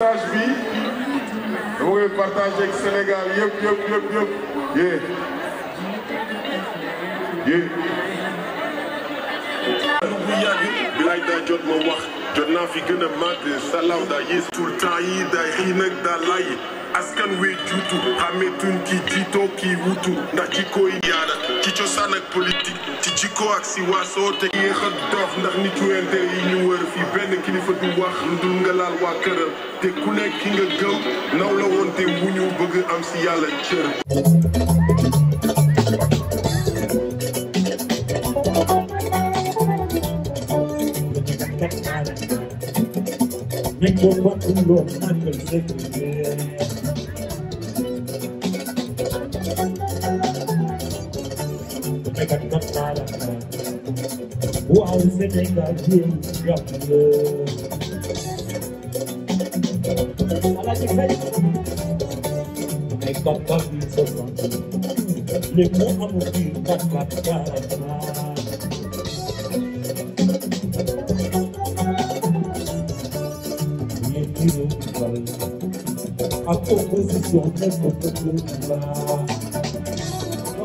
partage bi dama koy bu yàgg bilaay daa jot ma wax jot naa fi gën a màgg daa yées tout le yi daa xiin daa layi askan wee juutu xàmmeetun ki jiitoo kii wutu ndax jikkooy yaada ci cosaan ak politique ci jikkoo ak si waasoo te yéex a dox ndax nit yu yi ñu wër fii benn kilifa du wax ndul nga laal waa këram te ku nekk ki nga gëm naw te wu ñu bëgg am si yàlla cër waaw Sénégal jéem jàmm la ala ci fay ay bi soixante les mots amour bi kat kat karama les bureaux du bal ak opposition très peu peu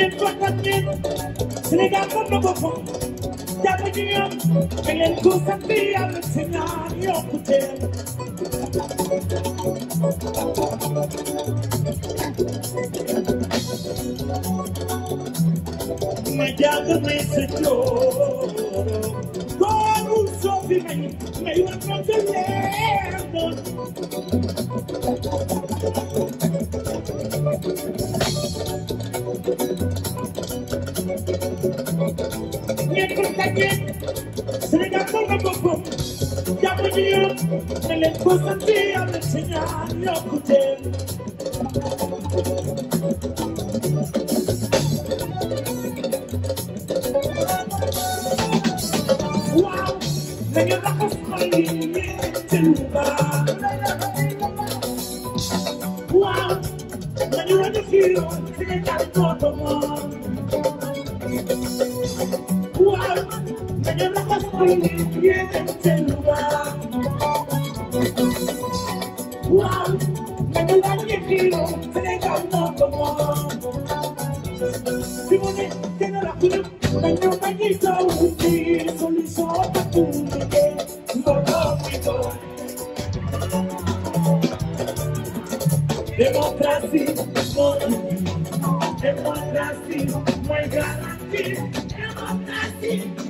ngeen waxtaan leen Sénégal mën na boppam jàmm ji ñoom da ngeen ko sant yàlla si ñaan yokkute ma jàng may sa joo góorul soo fi may may wax ma ko leer nekkul gàccee Sénégal mën na boppam jàpp ci yërëm ne leen ko sant yàlla ci ñaar yokkute waaw na ngeen raxas xol yi ngeen jël baax waaw nañu wàññi fii Sénégal muy bien este lugar. Wow, me lo dan y giro, fregando como. Simone, te lo la pido, me lo dan y so, sí, solo hizo otra punta que no lo pido. Democracia, democracia, my guarantee, democracia.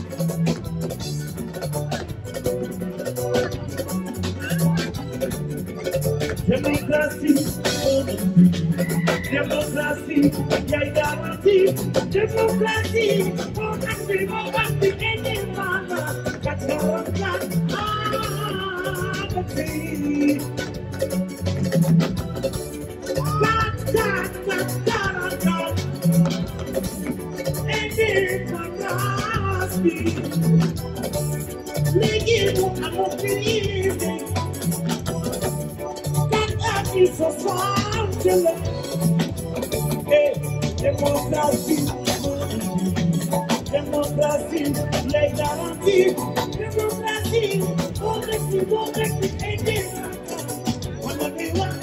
Democracy, democracy, yeah, democracy, democracy, oh, for country, for country, any man, that's our oh, plan, ah, country. Da, da, da, da, da, da, soixante la eh démocratie démocratie les garanties démocratie boo nekk ci boo nekk ci ay dégg wala di wax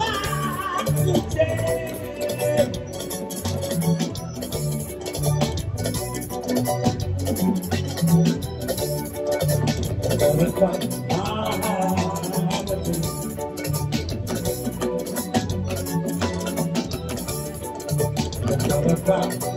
waa tuuti Thank you. Africa.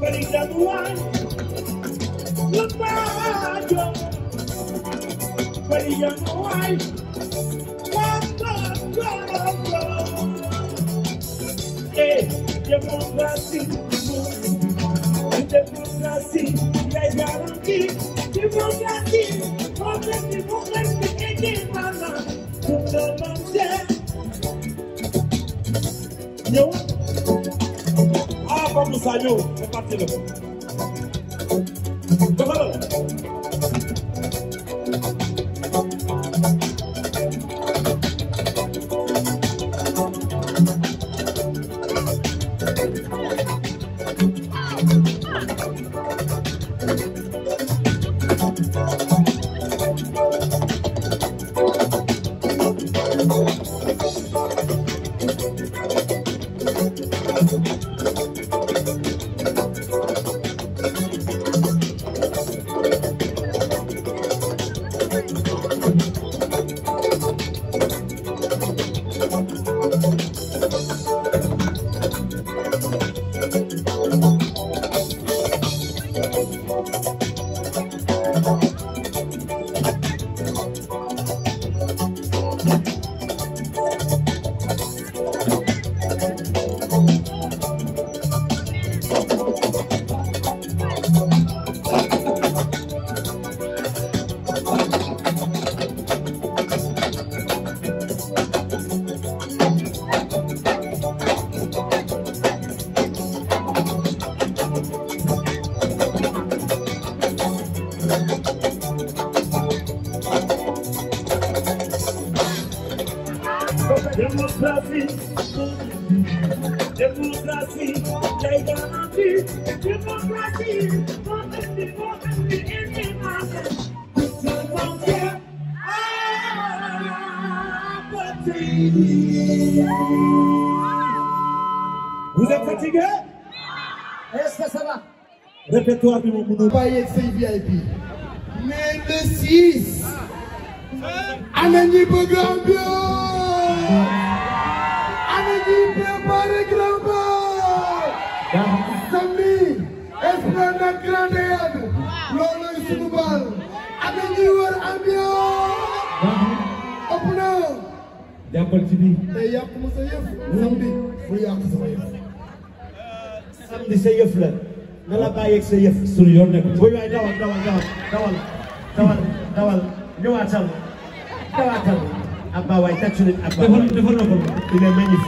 para graduar no pátio, para ir no ar, quando coroa. É democracia, democracia é garantir, democracia, pobre democracia é quem manda, nunca manter. Yo, ah, vamos a yo. 入れて Democracy, democracy, they guarantee democracy. Democracy, democracy, and democracy. Someone here, Vous êtes fatigué? Est-ce que ça va? Répertoire bi moom mënul bàyyi ak seen VIP. mais le 6. ana ñi bëgg ambiance. jàppal ci bii. day yàq ma sa yëf. samedi mu yàq sama yëf. Euh, samedi sa yëf la. na la bàyyeeg sa yëf. suñu yoon nekk ci. waaye dawal dawal dawal dawal dawal ñëwaatal dawaatal. abba waay tàccu nañ abba waay defal na ko. il est magnifique.